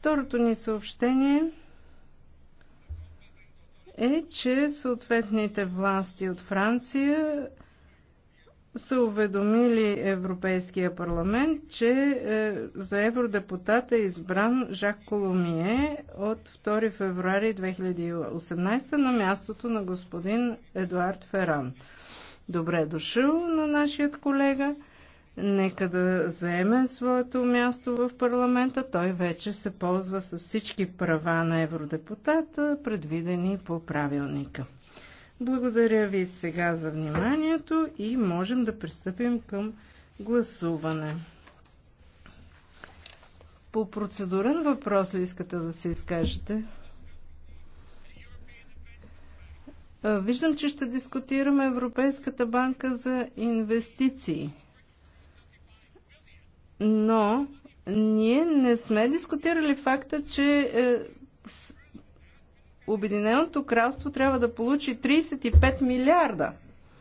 Второто ни съобщение е, че съответните власти от Франция са уведомили Европейския парламент, че е, за евродепутат е избран Жак Коломие от 2 февруари 2018 на мястото на господин Едуард Феран. Добре е дошъл на нашият колега. Нека да заеме своето място в парламента. Той вече се ползва с всички права на евродепутата, предвидени по правилника. Благодаря ви сега за вниманието и можем да пристъпим към гласуване. По процедурен въпрос ли искате да се изкажете? Виждам, че ще дискутираме Европейската банка за инвестиции но ние не сме дискутирали факта, че е, Обединеното кралство трябва да получи 35 милиарда